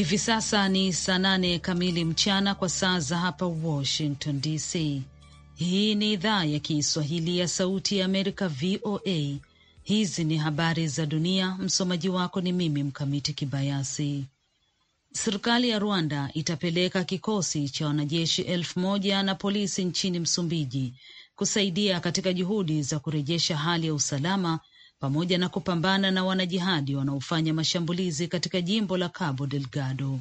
Hivi sasa ni saa nane kamili mchana kwa saa za hapa Washington DC. Hii ni idhaa ya Kiswahili ya Sauti ya Amerika, VOA. Hizi ni habari za dunia. Msomaji wako ni mimi Mkamiti Kibayasi. Serikali ya Rwanda itapeleka kikosi cha wanajeshi elfu moja na polisi nchini Msumbiji kusaidia katika juhudi za kurejesha hali ya usalama pamoja na kupambana na wanajihadi wanaofanya mashambulizi katika jimbo la Cabo Delgado.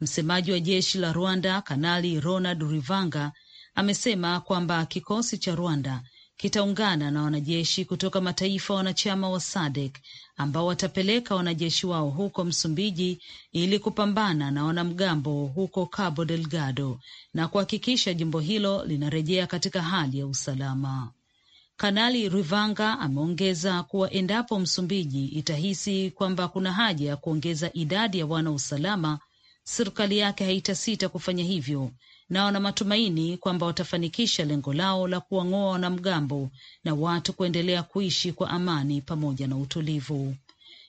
Msemaji wa jeshi la Rwanda Kanali Ronald Rivanga amesema kwamba kikosi cha Rwanda kitaungana na wanajeshi kutoka mataifa wanachama wa SADC ambao watapeleka wanajeshi wao huko Msumbiji ili kupambana na wanamgambo huko Cabo Delgado na kuhakikisha jimbo hilo linarejea katika hali ya usalama. Kanali rivanga ameongeza kuwa endapo Msumbiji itahisi kwamba kuna haja ya kuongeza idadi ya wanausalama, serikali yake haitasita kufanya hivyo na wana matumaini kwamba watafanikisha lengo lao la kuwang'oa wanamgambo na watu kuendelea kuishi kwa amani pamoja na utulivu.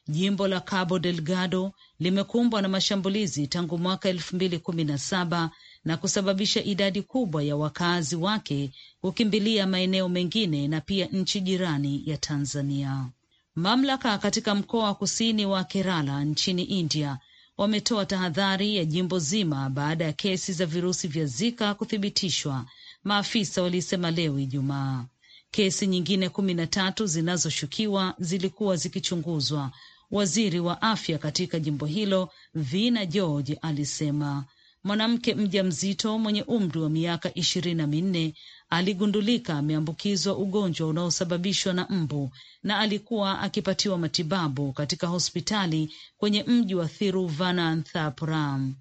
Jimbo la Cabo Delgado limekumbwa na mashambulizi tangu mwaka elfu mbili kumi na saba na kusababisha idadi kubwa ya wakazi wake kukimbilia maeneo mengine na pia nchi jirani ya Tanzania. Mamlaka katika mkoa wa kusini wa Kerala nchini India wametoa tahadhari ya jimbo zima baada ya kesi za virusi vya Zika kuthibitishwa, maafisa walisema leo Ijumaa. Kesi nyingine kumi na tatu zinazoshukiwa zilikuwa zikichunguzwa. Waziri wa afya katika jimbo hilo Vina George alisema mwanamke mja mzito mwenye umri wa miaka ishirini na minne aligundulika ameambukizwa ugonjwa unaosababishwa na mbu na alikuwa akipatiwa matibabu katika hospitali kwenye mji wa Thiruvananthapuram.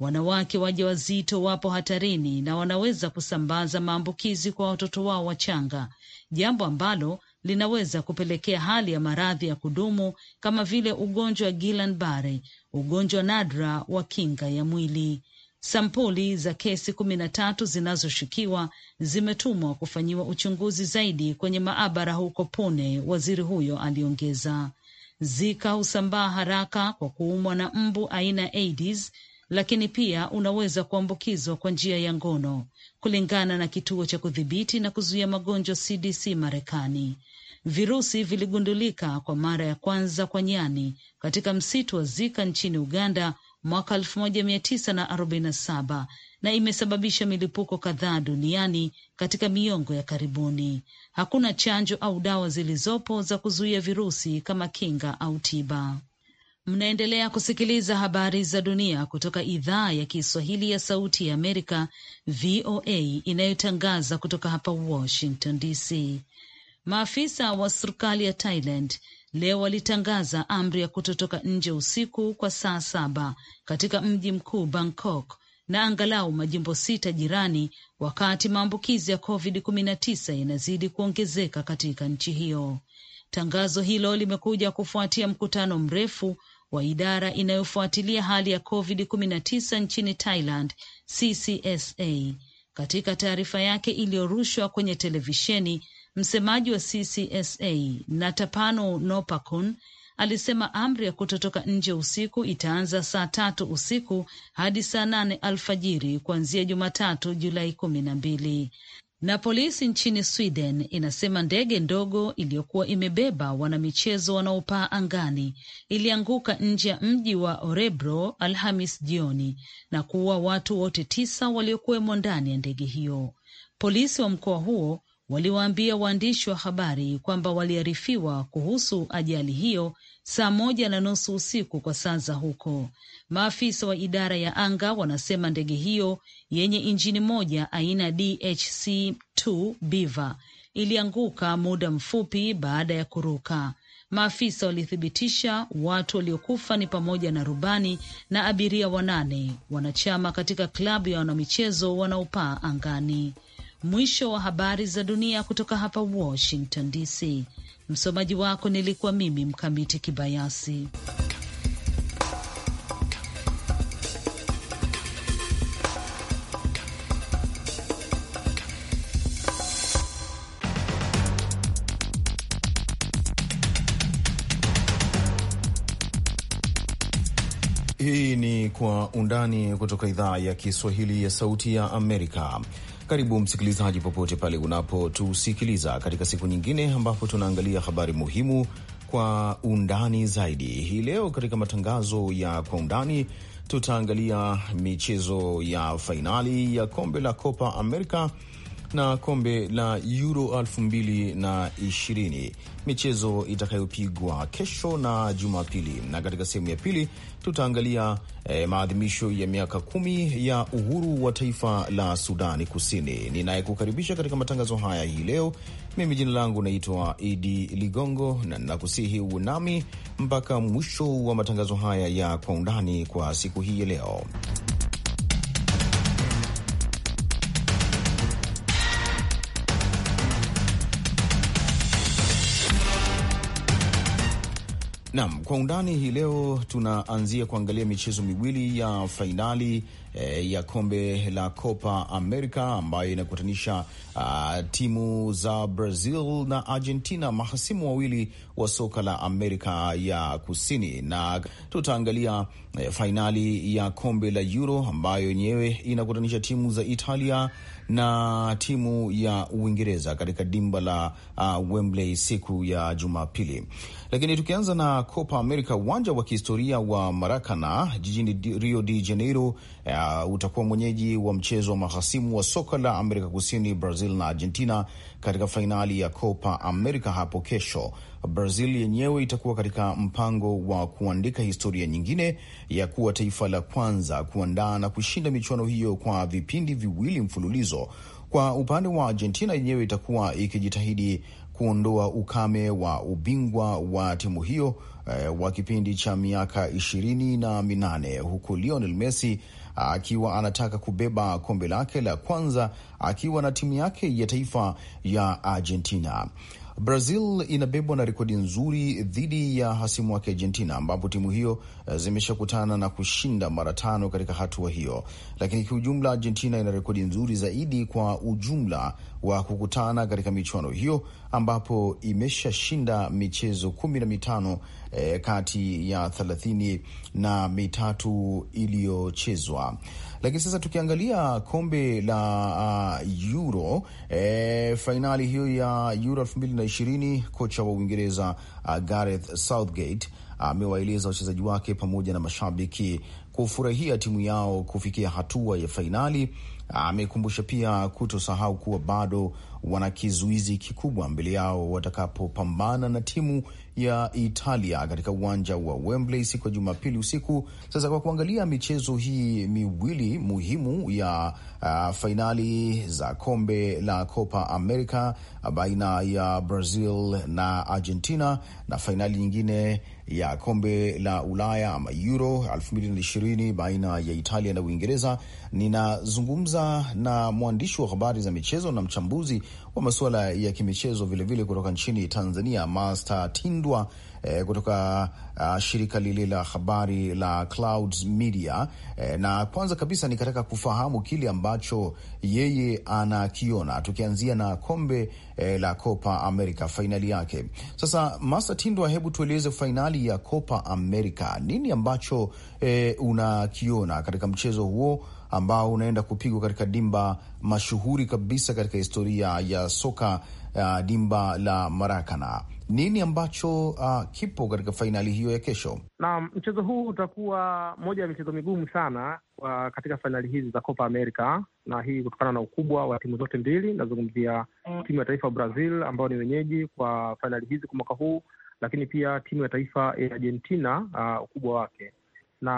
Wanawake wajawazito wapo hatarini na wanaweza kusambaza maambukizi kwa watoto wao wachanga, jambo ambalo linaweza kupelekea hali ya maradhi ya kudumu kama vile ugonjwa wa Guillain Barre, ugonjwa nadra wa kinga ya mwili. Sampuli za kesi kumi na tatu zinazoshukiwa zimetumwa kufanyiwa uchunguzi zaidi kwenye maabara huko Pune, waziri huyo aliongeza. Zika husambaa haraka kwa kuumwa na mbu aina ya Aedes, lakini pia unaweza kuambukizwa kwa njia ya ngono, kulingana na kituo cha kudhibiti na kuzuia magonjwa CDC Marekani. Virusi viligundulika kwa mara ya kwanza kwa nyani katika msitu wa Zika nchini Uganda mwaka 1947 na imesababisha milipuko kadhaa duniani katika miongo ya karibuni. Hakuna chanjo au dawa zilizopo za kuzuia virusi kama kinga au tiba. Mnaendelea kusikiliza habari za dunia kutoka idhaa ya Kiswahili ya Sauti ya Amerika, VOA, inayotangaza kutoka hapa Washington DC. Maafisa wa serikali ya Thailand leo walitangaza amri ya kutotoka nje usiku kwa saa saba katika mji mkuu Bangkok na angalau majimbo sita jirani, wakati maambukizi ya COVID-19 yanazidi kuongezeka katika nchi hiyo. Tangazo hilo limekuja kufuatia mkutano mrefu wa idara inayofuatilia hali ya COVID-19 nchini Thailand, CCSA. Katika taarifa yake iliyorushwa kwenye televisheni, Msemaji wa CCSA Natapano Nopakun alisema amri ya kutotoka nje usiku itaanza saa tatu usiku hadi saa nane alfajiri kuanzia Jumatatu Julai kumi na mbili. Na polisi nchini Sweden inasema ndege ndogo iliyokuwa imebeba wanamichezo wanaopaa angani ilianguka nje ya mji wa Orebro Alhamis jioni na kuua watu wote tisa waliokuwemo ndani ya ndege hiyo. Polisi wa mkoa huo waliwaambia waandishi wa habari kwamba waliarifiwa kuhusu ajali hiyo saa moja na nusu usiku kwa saa za huko. Maafisa wa idara ya anga wanasema ndege hiyo yenye injini moja aina DHC2 ilianguka muda mfupi baada ya kuruka. Maafisa walithibitisha watu waliokufa ni pamoja na rubani na abiria wanane, wanachama katika klabu ya wanamichezo wanaopaa angani. Mwisho wa habari za dunia kutoka hapa Washington DC. Msomaji wako nilikuwa mimi Mkamiti Kibayasi. Hii ni Kwa Undani kutoka idhaa ya Kiswahili ya Sauti ya Amerika. Karibu msikilizaji, popote pale unapotusikiliza katika siku nyingine ambapo tunaangalia habari muhimu kwa undani zaidi. Hii leo katika matangazo ya kwa undani tutaangalia michezo ya fainali ya kombe la Copa America na kombe la Euro 2020 michezo itakayopigwa kesho na Jumapili. Na katika sehemu ya pili tutaangalia eh, maadhimisho ya miaka kumi ya uhuru wa taifa la Sudani Kusini. Ninayekukaribisha katika matangazo haya hii leo, mimi jina langu naitwa Idi Ligongo, na nakusihi unami mpaka mwisho wa matangazo haya ya Kwa Undani kwa siku hii ya leo. Naam, kwa undani hii leo tunaanzia kuangalia michezo miwili ya fainali eh, ya kombe la Copa America ambayo inakutanisha uh, timu za Brazil na Argentina, mahasimu wawili wa soka la Amerika ya Kusini, na tutaangalia eh, fainali ya kombe la Euro ambayo yenyewe inakutanisha timu za Italia na timu ya Uingereza katika dimba la uh, Wembley siku ya Jumapili. Lakini tukianza na Copa America, uwanja wa kihistoria wa Marakana jijini Rio de Janeiro uh, utakuwa mwenyeji wa mchezo wa mahasimu wa soka la Amerika Kusini, Brazil na Argentina katika fainali ya Copa America hapo kesho. Brazil yenyewe itakuwa katika mpango wa kuandika historia nyingine ya kuwa taifa la kwanza kuandaa na kushinda michuano hiyo kwa vipindi viwili mfululizo. Kwa upande wa Argentina yenyewe itakuwa ikijitahidi kuondoa ukame wa ubingwa wa timu hiyo eh, wa kipindi cha miaka ishirini na minane huku Lionel Messi akiwa anataka kubeba kombe lake la kwanza akiwa na timu yake ya taifa ya Argentina. Brazil inabebwa na rekodi nzuri dhidi ya hasimu wake Argentina, ambapo timu hiyo eh, zimeshakutana na kushinda mara tano katika hatua hiyo. Lakini kiujumla, Argentina ina rekodi nzuri zaidi kwa ujumla wa kukutana katika michuano hiyo, ambapo imeshashinda michezo kumi na mitano e, kati ya thelathini na mitatu iliyochezwa. Lakini sasa tukiangalia kombe la uh, Euro e, fainali hiyo ya Euro elfu mbili na ishirini, kocha wa Uingereza uh, Gareth Southgate amewaeleza uh, wachezaji wake pamoja na mashabiki kufurahia timu yao kufikia hatua ya fainali. Amekumbusha pia kutosahau kuwa bado wana kizuizi kikubwa mbele yao watakapopambana na timu ya Italia katika uwanja wa Wembley siku ya Jumapili usiku. Sasa kwa kuangalia michezo hii miwili muhimu ya uh, fainali za kombe la Copa America uh, baina ya Brazil na Argentina na fainali nyingine ya kombe la Ulaya ama Euro 2020 baina ya Italia na Uingereza. Ninazungumza na mwandishi wa habari za michezo na mchambuzi wa masuala ya kimichezo vilevile kutoka nchini Tanzania, Master Tindwa eh, kutoka uh, shirika lile la habari la Clouds Media eh, na kwanza kabisa nikataka kufahamu kile ambacho yeye anakiona tukianzia na kombe eh, la Copa America fainali yake. Sasa Master Tindwa, hebu tueleze fainali ya Copa America, nini ambacho eh, unakiona katika mchezo huo ambao unaenda kupigwa katika dimba mashuhuri kabisa katika historia ya soka uh, dimba la Marakana. Nini ambacho uh, kipo katika fainali hiyo ya kesho? Naam, mchezo huu utakuwa moja ya michezo migumu sana uh, katika fainali hizi za Copa America, na hii kutokana na ukubwa wa timu zote mbili. Nazungumzia timu ya taifa ya Brazil ambao ni wenyeji kwa fainali hizi kwa mwaka huu, lakini pia timu ya taifa ya Argentina, uh, ukubwa wake na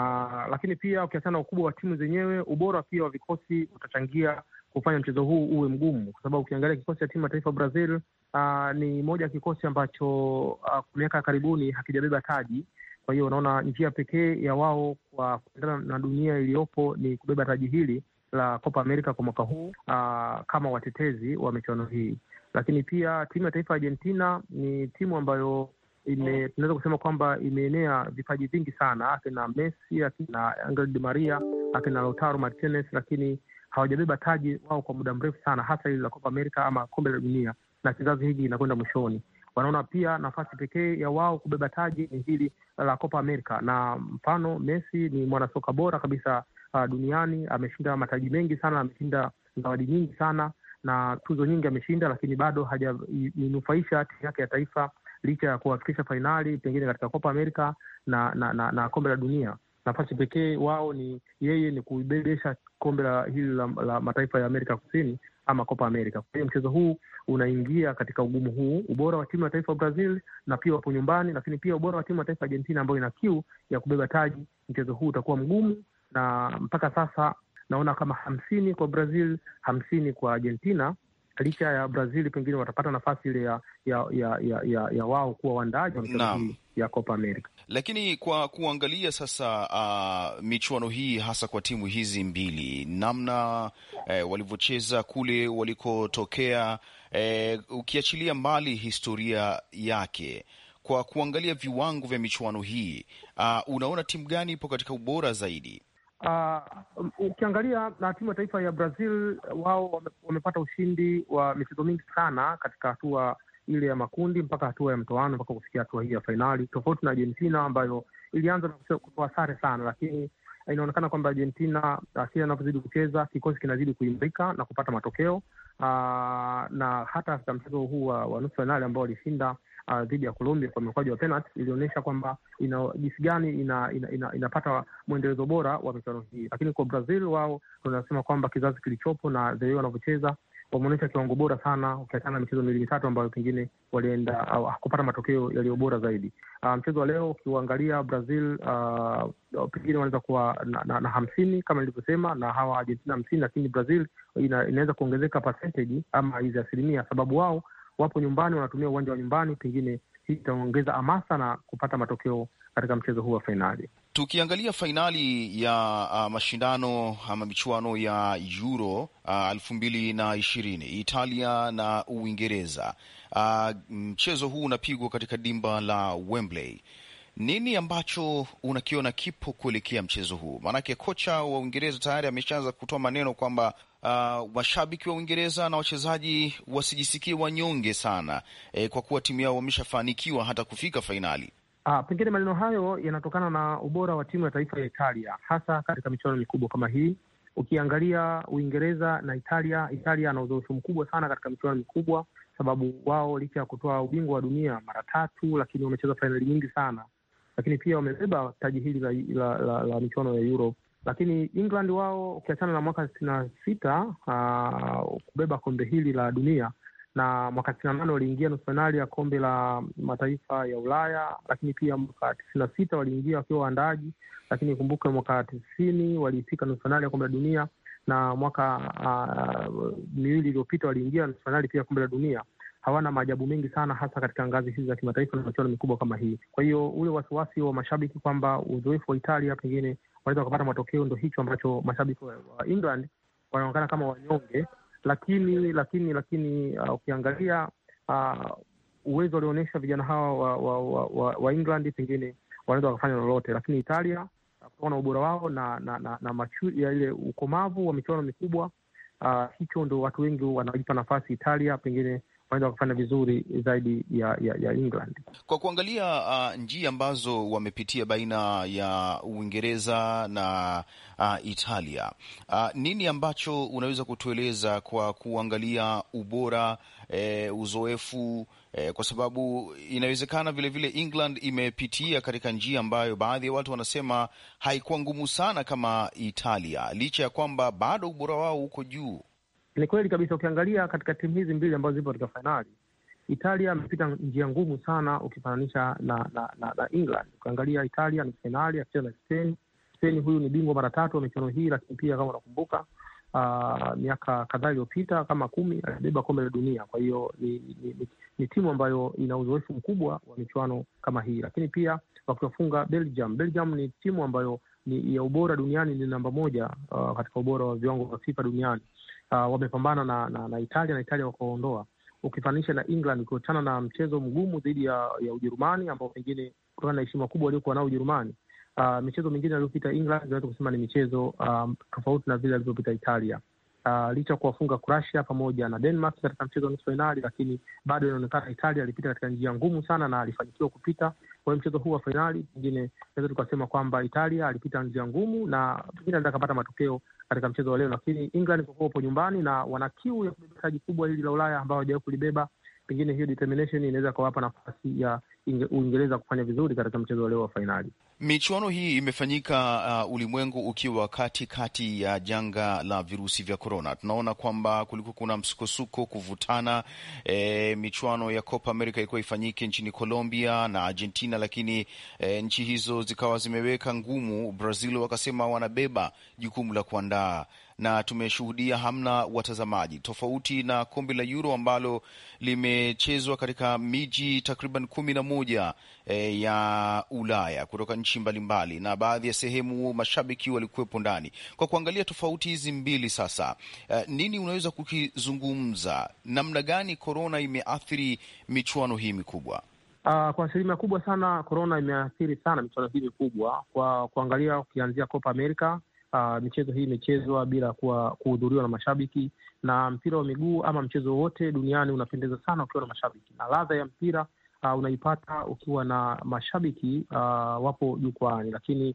lakini pia ukiachana ukubwa wa timu zenyewe, ubora pia wa vikosi utachangia kufanya mchezo huu uwe mgumu, kwa sababu ukiangalia kikosi cha timu ya taifa Brazil uh, ni moja ya kikosi ambacho uh, miaka karibuni hakijabeba taji. Kwa hiyo unaona njia pekee ya wao kwa kuendana na dunia iliyopo ni kubeba taji hili la Copa America kwa mwaka huu uh, kama watetezi wa michuano hii. Lakini pia timu ya taifa Argentina ni timu ambayo ime- tunaweza kusema kwamba imeenea vipaji vingi sana, akina Messi, akina Angel Di Maria, akina Lautaro Martinez, lakini hawajabeba taji wao kwa muda mrefu sana, hasa ili la Copa America ama kombe la dunia, na kizazi hiki inakwenda mwishoni. Wanaona pia nafasi pekee ya wao kubeba taji ni hili la Copa America, na mfano Messi ni mwanasoka bora kabisa uh, duniani. Ameshinda mataji mengi sana, ameshinda zawadi nyingi sana na tuzo nyingi ameshinda, lakini bado hajainufaisha timu yake ya taifa licha ya kuwafikisha fainali pengine katika Copa America na na, na, na kombe la dunia. Nafasi pekee wao ni yeye ni kuibebesha kombe la hili la, la mataifa ya Amerika Kusini ama Copa America. Kwa hiyo mchezo huu unaingia katika ugumu huu, ubora wa timu ya taifa ya Brazil na pia wapo nyumbani, lakini pia ubora wa timu ya taifa Argentina ambayo ina kiu ya kubeba taji. Mchezo huu utakuwa mgumu, na mpaka sasa naona kama hamsini kwa Brazil, hamsini kwa Argentina licha ya Brazil pengine watapata nafasi ile ya, ya, ya, ya, ya, ya wao kuwa waandaaji wa michuano ya Copa America. Lakini kwa kuangalia sasa uh, michuano hii hasa kwa timu hizi mbili namna eh, walivyocheza kule walikotokea eh, ukiachilia mbali historia yake kwa kuangalia viwango vya michuano hii uh, unaona timu gani ipo katika ubora zaidi? Uh, ukiangalia na timu ya taifa ya Brazil wao wamepata ushindi wa michezo mingi sana katika hatua ile ya makundi mpaka hatua ya mtoano mpaka kufikia hatua hii ya fainali, tofauti na Argentina ambayo ilianza na kutoa sare sana, lakini inaonekana kwamba Argentina ah, kila anavyozidi kucheza kikosi kinazidi kuimarika na kupata matokeo. Uh, na hata katika mchezo huu wa nusu fainali ambao walishinda uh, dhidi ya Colombia kwa mikwaju ya penalti ilionyesha kwamba ina jinsi gani ina, ina, ina, inapata mwendelezo bora wa michuano hii. Lakini kwa Brazil wao tunasema kwamba kizazi kilichopo na the wanavyocheza wameonyesha kiwango bora sana, ukiachana na michezo miwili mitatu ambayo pengine walienda hakupata matokeo yaliyo bora zaidi. Uh, mchezo wa leo ukiuangalia Brazil uh, pengine wanaweza kuwa na, na, na hamsini kama nilivyosema, na hawa Argentina hamsini, lakini Brazil ina, inaweza kuongezeka percentage ama hizi asilimia, sababu wao wapo nyumbani, wanatumia uwanja wa nyumbani, pengine hii itaongeza hamasa na kupata matokeo katika mchezo huu wa fainali. Tukiangalia fainali ya uh, mashindano ama michuano ya Euro uh, elfu uh, mbili na ishirini Italia na Uingereza, uh, mchezo huu unapigwa katika dimba la Wembley. Nini ambacho unakiona kipo kuelekea mchezo huu? Maanake kocha wa Uingereza tayari ameshaanza kutoa maneno kwamba mashabiki uh, wa Uingereza na wachezaji wasijisikie wanyonge sana eh, kwa kuwa timu yao wameshafanikiwa hata kufika fainali. Ah, pengine maneno hayo yanatokana na ubora wa timu ya taifa ya Italia hasa katika michuano mikubwa kama hii. Ukiangalia Uingereza na Italia, Italia ana uzoefu mkubwa sana katika michuano mikubwa, sababu wao licha ya kutoa ubingwa wa dunia mara tatu, lakini wamecheza fainali nyingi sana, lakini pia wamebeba taji hili la, la, la, la michuano ya Europe lakini England wao ukiachana na mwaka sitini na sita uh, kubeba kombe hili la dunia na mwaka sitini na nane waliingia nusu fainali ya kombe la mataifa ya Ulaya, lakini pia mwaka tisini na sita waliingia wakiwa waandaaji, lakini kumbuke mwaka tisini walifika nusu fainali ya kombe la dunia na mwaka uh, miwili iliyopita waliingia nusu fainali pia kombe la dunia. Hawana maajabu mengi sana, hasa katika ngazi hizi za kimataifa na michuano mikubwa kama hii. Kwa hiyo ule wasiwasi wa mashabiki kwamba uzoefu wa Italia pengine wanaweza wakapata matokeo. Ndo hicho ambacho mashabiki wa England wanaonekana kama wanyonge, lakini lakini lakini uh, ukiangalia uh, uwezo walioonyesha vijana hawa wa, wa, wa, wa, wa England pengine wanaweza wakafanya lolote, lakini Italia uh, kutokana na ubora wao na na, na, na machu, ya ile ukomavu wa michuano mikubwa uh, hicho ndo watu wengi wanajipa nafasi Italia pengine wanaweza wakafanya vizuri zaidi ya, ya, ya England kwa kuangalia uh, njia ambazo wamepitia baina ya Uingereza na uh, Italia. Uh, nini ambacho unaweza kutueleza kwa kuangalia ubora eh, uzoefu eh, kwa sababu inawezekana vilevile England imepitia katika njia ambayo baadhi ya watu wanasema haikuwa ngumu sana kama Italia, licha ya kwamba bado ubora wao uko juu. Ni kweli kabisa, ukiangalia katika timu hizi mbili ambazo zipo katika fainali, Italia amepita njia ngumu sana ukifananisha na na, na, na England. Ukiangalia Italia ni fainali akicheza na Spain. Spain huyu ni bingwa mara tatu wa michuano hii, lakini pia kama unakumbuka Uh, miaka kadhaa iliyopita kama kumi alibeba kombe la dunia. Kwa hiyo ni, ni, ni, ni timu ambayo ina uzoefu mkubwa wa michuano kama hii, lakini pia wakiwafunga Belgium. Belgium ni timu ambayo ni ya ubora duniani, ni namba moja uh, katika ubora wa viwango vya FIFA duniani uh, wamepambana na, na, na Italia na Italia wakaondoa. Ukifanisha na England ukiachana na mchezo mgumu dhidi ya, ya Ujerumani ambao pengine kutokana na heshima kubwa waliokuwa nao Ujerumani, uh, michezo mingine aliyopita England inaweza kusema ni michezo um, tofauti na vile alivyopita Italia. Uh, licha kuwafunga Croatia pamoja na Denmark katika mchezo wa nusu fainali, lakini bado inaonekana Italia alipita katika njia ngumu sana na alifanikiwa kupita. Kwa hiyo mchezo huu wa fainali pengine naweza tukasema kwamba Italia alipita njia ngumu na pengine anaweza akapata matokeo katika mchezo wa leo, lakini England kwa kuwa wapo nyumbani na wana kiu ya kubeba taji kubwa hili la Ulaya ambao hawajawahi kulibeba pengine hiyo determination inaweza kawapa nafasi ya Uingereza kufanya vizuri katika mchezo leo wa fainali. Michuano hii imefanyika uh, ulimwengu ukiwa katikati kati ya janga la virusi vya korona. Tunaona kwamba kulikuwa kuna msukosuko, kuvutana. E, michuano ya Copa America ilikuwa ifanyike nchini Colombia na Argentina, lakini e, nchi hizo zikawa zimeweka ngumu. Brazil wakasema wanabeba jukumu la kuandaa na tumeshuhudia hamna watazamaji, tofauti na kombe la Euro ambalo limechezwa katika miji takriban kumi na moja e, ya Ulaya kutoka nchi mbalimbali, na baadhi ya sehemu mashabiki walikuwepo ndani. Kwa kuangalia tofauti hizi mbili sasa, e, nini unaweza kukizungumza, namna gani korona imeathiri michuano hii mikubwa? Uh, kwa asilimia kubwa sana korona imeathiri sana michuano hii mikubwa, kwa kuangalia ukianzia Copa America uh, michezo hii imechezwa bila kuwa kuhudhuriwa na mashabiki, na mpira wa miguu ama mchezo wote duniani unapendeza sana ukiwa na mashabiki, na ladha ya mpira Uh, unaipata ukiwa na mashabiki uh, wapo jukwani lakini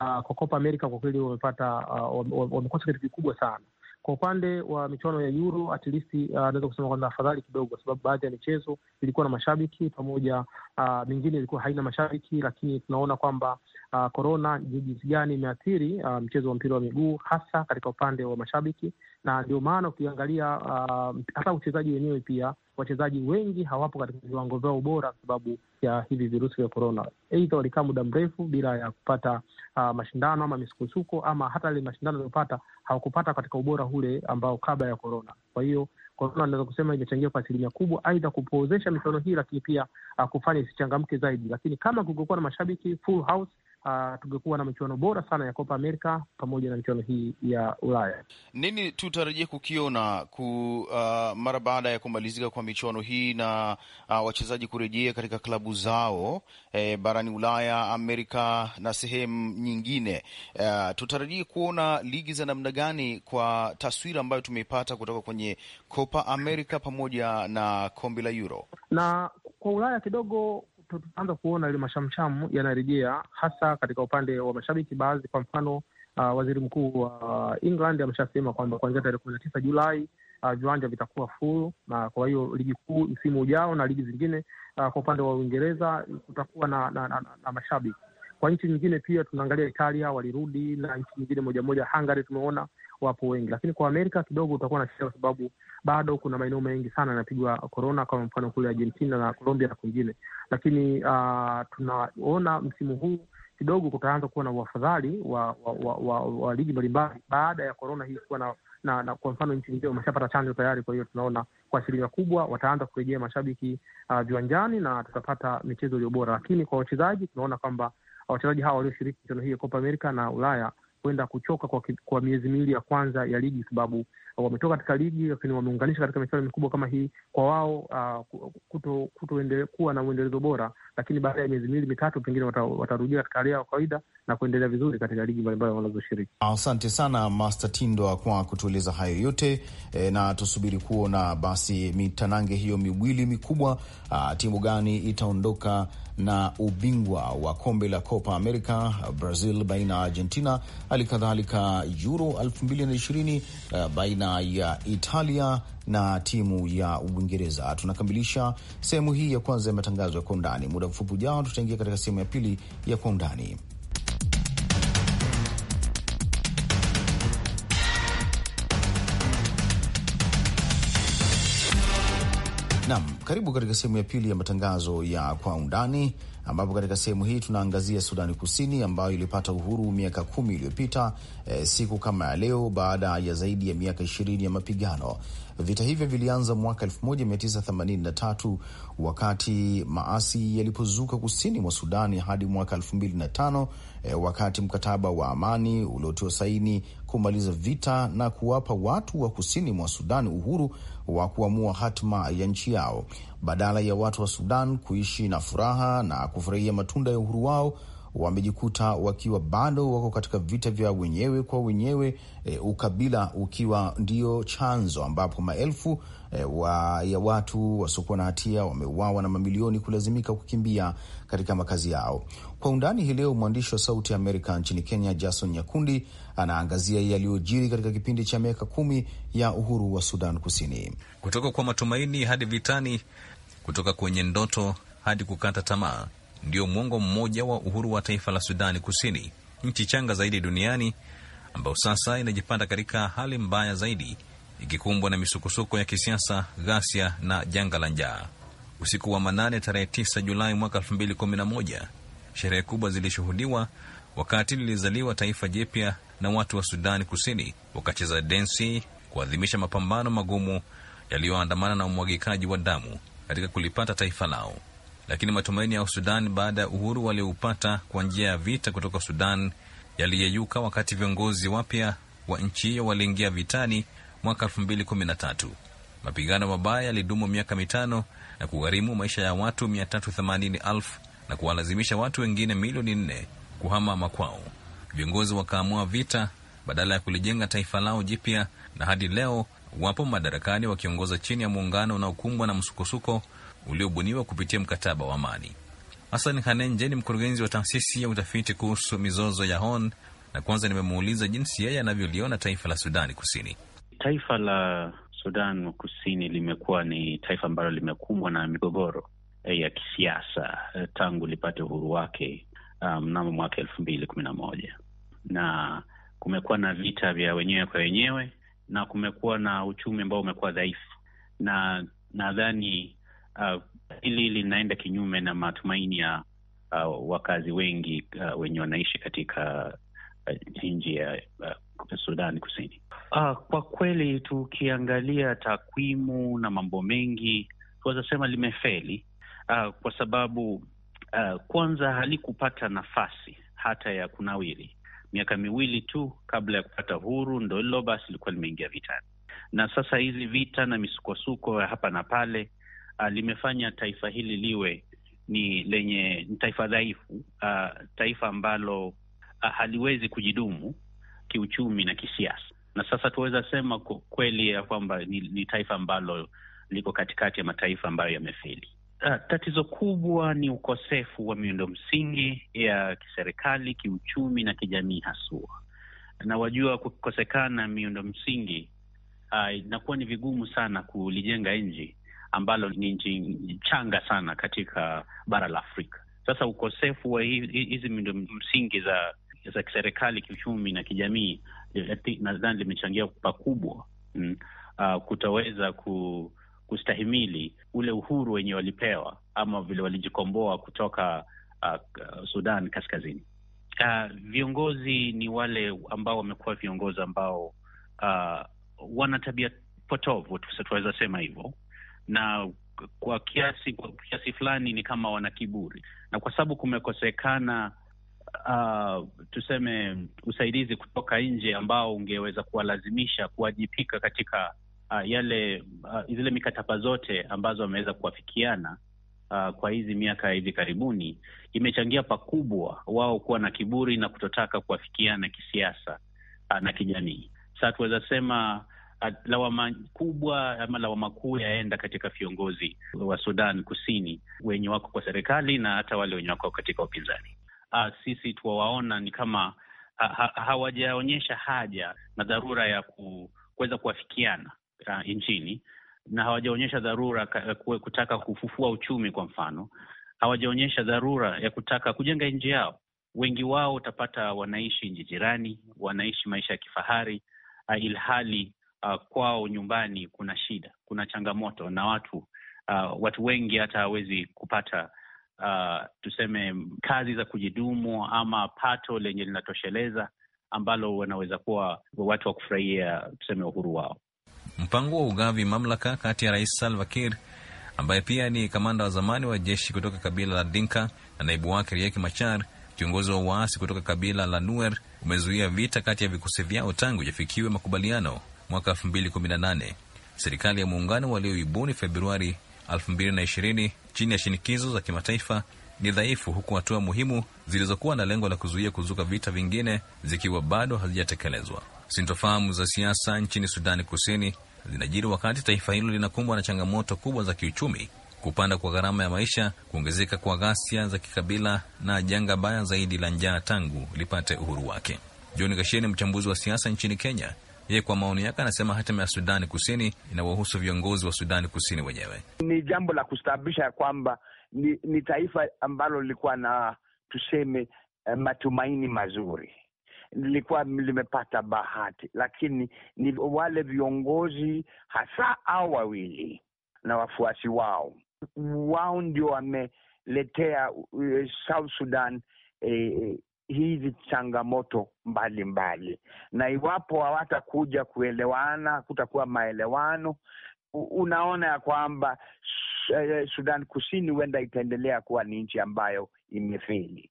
uh, kwa Copa America kwa kweli wamepata uh, wamekosa kitu kikubwa sana. Kwa upande wa michuano ya Euro at least uh, kusema kwamba afadhali kidogo, kwa sababu baadhi ya michezo ilikuwa na mashabiki pamoja, uh, mingine ilikuwa haina mashabiki, lakini tunaona kwamba uh, ah, korona jinsi gani imeathiri uh, mchezo wa mpira wa miguu hasa katika upande wa mashabiki, na ndio maana ukiangalia uh, ah, hata uchezaji wenyewe pia wachezaji wengi hawapo katika viwango vyao bora kwa sababu ya hivi virusi vya korona. Aidha walikaa muda mrefu bila ya kupata uh, mashindano ama misukosuko ama hata ile mashindano aliyopata hawakupata katika ubora ule ambao kabla ya korona. Kwa hiyo korona inaweza kusema imechangia kwa asilimia kubwa, aidha kupoozesha michuano hii, lakini pia uh, kufanya isichangamke zaidi. Lakini kama kungekuwa na mashabiki full house uh, tungekuwa na michuano bora sana ya Copa America pamoja na michuano hii ya Ulaya. Nini tutarajia kukiona ku, uh, mara baada ya kumalizika kwa michuano hii na uh, wachezaji kurejea katika klabu zao eh, barani Ulaya, Amerika na sehemu nyingine uh, tutarajia kuona ligi za namna gani kwa taswira ambayo tumeipata kutoka kwenye Copa America pamoja na kombe la Euro na kwa Ulaya kidogo tutaanza kuona ile mashamsham yanarejea, hasa katika upande wa mashabiki baadhi. Kwa mfano uh, waziri mkuu wa uh, England ameshasema kwamba kuanzia tarehe kumi na tisa Julai uh, viwanja vitakuwa full, na kwa hiyo ligi kuu msimu ujao na ligi zingine uh, kwa upande wa Uingereza kutakuwa na, na, na, na mashabiki kwa nchi nyingine pia tunaangalia Italia walirudi na nchi nyingine moja moja, Hungary tumeona wapo wengi, lakini kwa Amerika kidogo utakuwa na shida, kwa sababu bado kuna maeneo mengi sana yanapigwa korona, kama mfano kule Argentina na Colombia na kwingine. Lakini uh, tunaona msimu huu kidogo kutaanza kuwa na uafadhali wa, wa, wa, wa, wa ligi mbalimbali baada ya korona hii kuwa na na, na kwa mfano nchi nyingine wameshapata chanjo tayari. Kwa hiyo tunaona kwa asilimia kubwa wataanza kurejea mashabiki uh, viwanjani, na tutapata michezo iliyo bora. Lakini kwa wachezaji tunaona kwamba wachezaji hawa walioshiriki michuano hii ya Copa America na Ulaya kwenda kuchoka kwa, kwa miezi miwili ya kwanza ya ligi, sababu wametoka katika ligi lakini wameunganisha katika michuano mikubwa kama hii, kwa wao uh, ah, kutokuwa kuto na uendelezo bora, lakini baada ya miezi miwili mitatu pengine watarujia katika hali yao kawaida na kuendelea vizuri katika ligi mbalimbali wanazoshiriki. Asante sana Master Tindwa kwa kutueleza hayo yote e, na tusubiri kuona basi mitanange hiyo miwili mikubwa, a, ah, timu gani itaondoka na ubingwa wa kombe la Copa America Brazil baina ya Argentina hali kadhalika Euro 2020 uh, eh, baina ya Italia na timu ya Uingereza. Tunakamilisha sehemu hii ya kwanza ya matangazo ya kwa undani. Muda mfupi ujao, tutaingia katika sehemu ya pili ya kwa undani. Nam, karibu katika sehemu ya pili ya matangazo ya kwa undani ambapo katika sehemu hii tunaangazia Sudani Kusini ambayo ilipata uhuru miaka kumi iliyopita, e, siku kama ya leo, baada ya zaidi ya miaka ishirini ya mapigano. Vita hivyo vilianza mwaka 1983 wakati maasi yalipozuka kusini mwa Sudani hadi mwaka 2005 e, wakati mkataba wa amani uliotiwa saini kumaliza vita na kuwapa watu wa kusini mwa sudani uhuru wa kuamua hatima ya nchi yao badala ya watu wa Sudan kuishi na furaha na kufurahia matunda ya uhuru wao wamejikuta wakiwa bado wako katika vita vya wenyewe kwa wenyewe, e, ukabila ukiwa ndio chanzo ambapo maelfu e, wa, ya watu wasiokuwa na hatia wameuawa na mamilioni kulazimika kukimbia katika makazi yao. Kwa undani hii leo, mwandishi wa Sauti ya Amerika nchini Kenya Jason Nyakundi anaangazia yaliyojiri katika kipindi cha miaka kumi ya uhuru wa Sudan Kusini, kutoka kwa matumaini hadi vitani, kutoka kwenye ndoto hadi kukata tamaa ndio mwongo mmoja wa uhuru wa taifa la Sudani Kusini, nchi changa zaidi duniani, ambayo sasa inajipanda katika hali mbaya zaidi, ikikumbwa na misukosuko ya kisiasa, ghasia na janga la njaa. Usiku wa manane tarehe 9 Julai mwaka 2011 sherehe kubwa zilishuhudiwa wakati lilizaliwa taifa jipya na watu wa Sudani Kusini wakacheza densi kuadhimisha mapambano magumu yaliyoandamana na umwagikaji wa damu katika kulipata taifa lao lakini matumaini ya Sudan baada ya uhuru walioupata kwa njia ya vita kutoka Sudan yaliyeyuka wakati viongozi wapya wa nchi hiyo waliingia vitani mwaka 2013. Mapigano mabaya yalidumu miaka mitano na kugharimu maisha ya watu 380,000 na kuwalazimisha watu wengine milioni nne kuhama makwao. Viongozi wakaamua vita badala ya kulijenga taifa lao jipya, na hadi leo wapo madarakani wakiongoza chini ya muungano unaokumbwa na msukosuko uliobuniwa kupitia mkataba wa amani. Hassan Hanenje ni mkurugenzi wa taasisi ya utafiti kuhusu mizozo ya Horn, na kwanza nimemuuliza jinsi yeye anavyoliona taifa la Sudani Kusini. Taifa la Sudan Kusini limekuwa ni taifa ambalo limekumbwa na migogoro eh, ya kisiasa eh, tangu lipate uhuru wake ah, mnamo um, mwaka elfu mbili kumi na moja na kumekuwa na vita vya wenyewe kwa wenyewe na kumekuwa na uchumi ambao umekuwa dhaifu, na nadhani Uh, hili uh, linaenda kinyume na matumaini ya uh, wakazi wengi uh, wenye wanaishi katika uh, nji ya uh, Sudani Kusini. Uh, kwa kweli tukiangalia takwimu na mambo mengi tunaweza sema limefeli uh, kwa sababu uh, kwanza halikupata nafasi hata ya kunawiri. Miaka miwili tu kabla ya kupata uhuru ndo hilo basi lilikuwa limeingia vitani, na sasa hizi vita na misukosuko ya hapa na pale uh, limefanya taifa hili liwe ni lenye ni taifa dhaifu, uh, taifa ambalo uh, haliwezi kujidumu kiuchumi na kisiasa, na sasa tuweza sema kweli ya kwamba ni, ni taifa ambalo liko katikati ya mataifa ambayo yamefeli. Uh, tatizo kubwa ni ukosefu wa miundo msingi ya kiserikali, kiuchumi na kijamii haswa, na wajua, kukosekana miundo msingi uh, inakuwa ni vigumu sana kulijenga nji ambalo ni nchi changa sana katika bara la Afrika. Sasa ukosefu wa hizi miundo msingi za za kiserikali, kiuchumi na kijamii, nadhani limechangia pakubwa mm, uh, ah, kutoweza ku, kustahimili ule uhuru wenye walipewa ama vile walijikomboa kutoka uh, Sudan Kaskazini. Uh, viongozi ni wale ambao wamekuwa viongozi ambao uh, wana tabia potovu, tunaweza sema hivyo na kwa kiasi kwa kiasi fulani ni kama wana kiburi, na kwa sababu kumekosekana uh, tuseme usaidizi kutoka nje ambao ungeweza kuwalazimisha kuwajipika katika uh, yale uh, zile mikataba zote ambazo wameweza kuwafikiana uh, kwa hizi miaka ya hivi karibuni, imechangia pakubwa wao kuwa na kiburi na kutotaka kuwafikiana kisiasa uh, na kijamii. Sasa tuweza sema lawama kubwa ama lawama kuu yaenda katika viongozi wa Sudan Kusini wenye wako kwa serikali na hata wale wenye wako katika upinzani. Ah, sisi tuwawaona ni kama ha, hawajaonyesha haja na dharura ya ku, kuweza kuwafikiana uh, ah, nchini na hawajaonyesha dharura kutaka kufufua uchumi. Kwa mfano, hawajaonyesha dharura ya kutaka kujenga nchi yao. Wengi wao utapata wanaishi nchi jirani, wanaishi maisha ya kifahari, ah, ilhali uh, kwao nyumbani kuna shida, kuna changamoto na watu uh, watu wengi hata hawezi kupata uh, tuseme kazi za kujidumu ama pato lenye linatosheleza ambalo wanaweza kuwa watu wa kufurahia tuseme uhuru wao. Mpango wa ugavi mamlaka kati ya Rais Salva Kiir ambaye pia ni kamanda wa zamani wa jeshi kutoka kabila la Dinka na naibu wake Riek Machar, kiongozi wa waasi kutoka kabila la Nuer, umezuia vita kati ya vikosi vyao tangu ijafikiwe makubaliano mwaka 2018 serikali ya muungano walioibuni Februari 2020 chini ya shinikizo za kimataifa ni dhaifu, huku hatua muhimu zilizokuwa na lengo la kuzuia kuzuka vita vingine zikiwa bado hazijatekelezwa. Sintofahamu za siasa nchini Sudani Kusini zinajiri wakati taifa hilo linakumbwa na changamoto kubwa za kiuchumi, kupanda kwa gharama ya maisha, kuongezeka kwa ghasia za kikabila na janga baya zaidi la njaa tangu lipate uhuru wake. John Gashie ni mchambuzi wa siasa nchini Kenya yeye kwa maoni yake anasema hatima ya Sudani Kusini inawahusu viongozi wa Sudani Kusini wenyewe. Ni jambo la kustaabisha ya kwamba ni, ni taifa ambalo lilikuwa na tuseme eh, matumaini mazuri, lilikuwa limepata bahati, lakini ni wale viongozi hasa au wawili na wafuasi wao wao ndio wameletea eh, South Sudan eh, hizi changamoto mbalimbali mbali. Na iwapo hawatakuja kuelewana, kutakuwa maelewano, unaona ya kwamba eh, eh, Sudan Kusini huenda itaendelea kuwa ni nchi ambayo imefeli.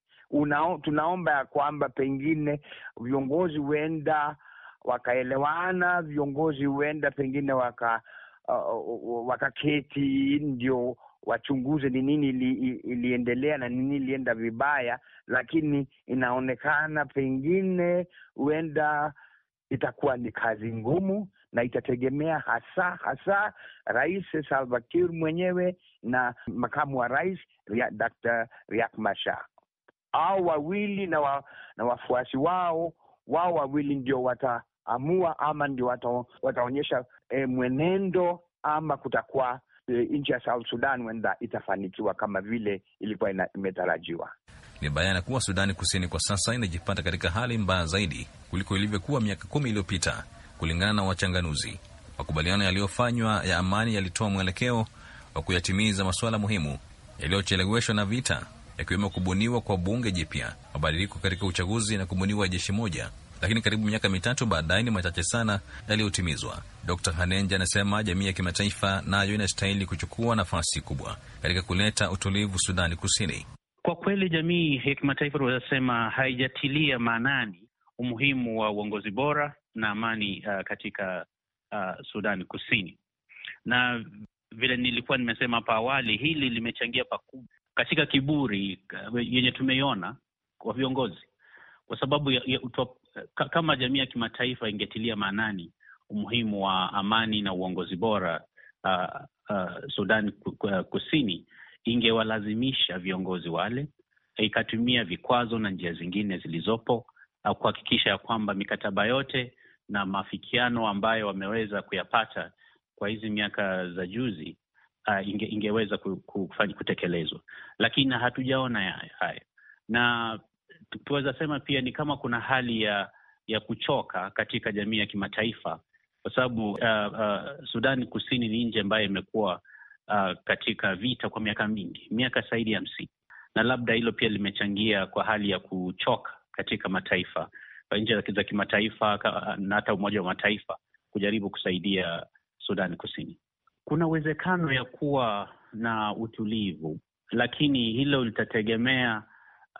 tunaomba ya kwamba pengine viongozi huenda wakaelewana, viongozi huenda pengine wakaketi uh, uh, wakaketi ndio wachunguze ni nini iliendelea na nini ilienda vibaya, lakini inaonekana pengine huenda itakuwa ni kazi ngumu na itategemea hasa hasa Rais Salva Kiir mwenyewe na makamu wa rais Dr. Riek Machar, au wawili na, wa, na wafuasi wao wao wawili ndio wataamua ama ndio wataonyesha e, mwenendo ama kutakuwa Eh, nchi ya South Sudan huenda itafanikiwa kama vile ilikuwa ina, imetarajiwa. Ni bayana kuwa Sudani Kusini kwa sasa inajipata katika hali mbaya zaidi kuliko ilivyokuwa miaka kumi iliyopita kulingana na wachanganuzi. Makubaliano yaliyofanywa ya amani yalitoa mwelekeo wa kuyatimiza masuala muhimu yaliyocheleweshwa na vita, yakiwemo kubuniwa kwa bunge jipya, mabadiliko katika uchaguzi na kubuniwa jeshi moja lakini karibu miaka mitatu baadaye ni machache sana yaliyotimizwa. Dr Hanenja anasema jamii ya kimataifa nayo inastahili kuchukua nafasi kubwa katika kuleta utulivu Sudani Kusini. Kwa kweli jamii ya kimataifa tunasema haijatilia maanani umuhimu wa uongozi bora na amani uh, katika uh, Sudani Kusini, na vile nilikuwa nimesema hapo awali, hili limechangia pakubwa katika kiburi uh, yenye tumeiona kwa viongozi, kwa sababu ya, ya kama jamii ya kimataifa ingetilia maanani umuhimu wa amani na uongozi bora uh, uh, Sudan Kusini, ingewalazimisha viongozi wale, ikatumia vikwazo na njia zingine zilizopo uh, kuhakikisha ya kwamba mikataba yote na maafikiano ambayo wameweza kuyapata kwa hizi miaka za juzi uh, inge, ingeweza kufanya kutekelezwa, lakini hatujaona haya na tuweza sema pia ni kama kuna hali ya ya kuchoka katika jamii ya kimataifa kwa sababu uh, uh, Sudani Kusini ni nchi ambayo imekuwa uh, katika vita kwa miaka mingi, miaka zaidi ya hamsini, na labda hilo pia limechangia kwa hali ya kuchoka katika mataifa nchi za kimataifa uh, na hata Umoja wa Mataifa kujaribu kusaidia Sudani Kusini. Kuna uwezekano ya kuwa na utulivu, lakini hilo litategemea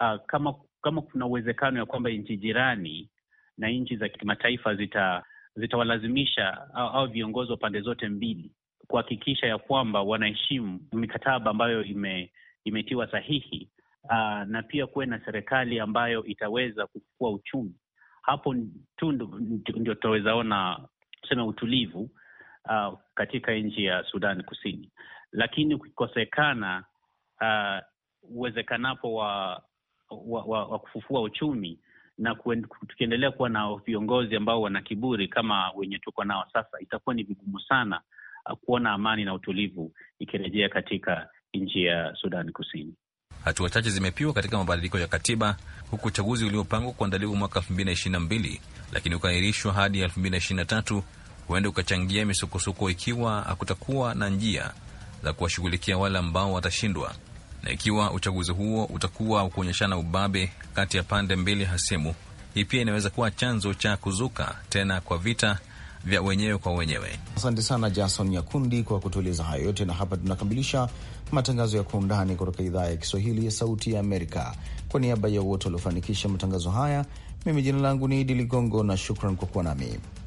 uh, kama kama kuna uwezekano ya kwamba nchi jirani na nchi za kimataifa zita zitawalazimisha au, au viongozi wa pande zote mbili kuhakikisha ya kwamba wanaheshimu mikataba ambayo ime, imetiwa sahihi aa, na pia kuwe na serikali ambayo itaweza kufukua uchumi. Hapo tu ndio tutaweza ona tuseme utulivu uh, katika nchi ya Sudan Kusini, lakini ukikosekana uwezekanapo wa wa, wa, wa kufufua uchumi na tukiendelea kuwa na viongozi ambao wana kiburi kama wenye tuko nao sasa, itakuwa ni vigumu sana uh, kuona amani na utulivu ikirejea katika nchi ya Sudan Kusini. Hatua chache zimepigwa katika mabadiliko ya katiba, huku uchaguzi uliopangwa kuandaliwa mwaka elfu mbili na ishirini na mbili lakini ukaahirishwa hadi elfu mbili na ishirini na tatu huenda ukachangia misukosuko ikiwa hakutakuwa na njia za kuwashughulikia wale ambao watashindwa na ikiwa uchaguzi huo utakuwa kuonyeshana ubabe kati ya pande mbili hasimu, hii pia inaweza kuwa chanzo cha kuzuka tena kwa vita vya wenyewe kwa wenyewe. Asante sana Jason Nyakundi kwa kutueleza hayo yote, na hapa tunakamilisha matangazo ya Kwa Undani kutoka idhaa ya Kiswahili ya Sauti ya Amerika. Kwa niaba ya wote waliofanikisha matangazo haya, mimi jina langu ni Idi Ligongo na shukran kwa kuwa nami.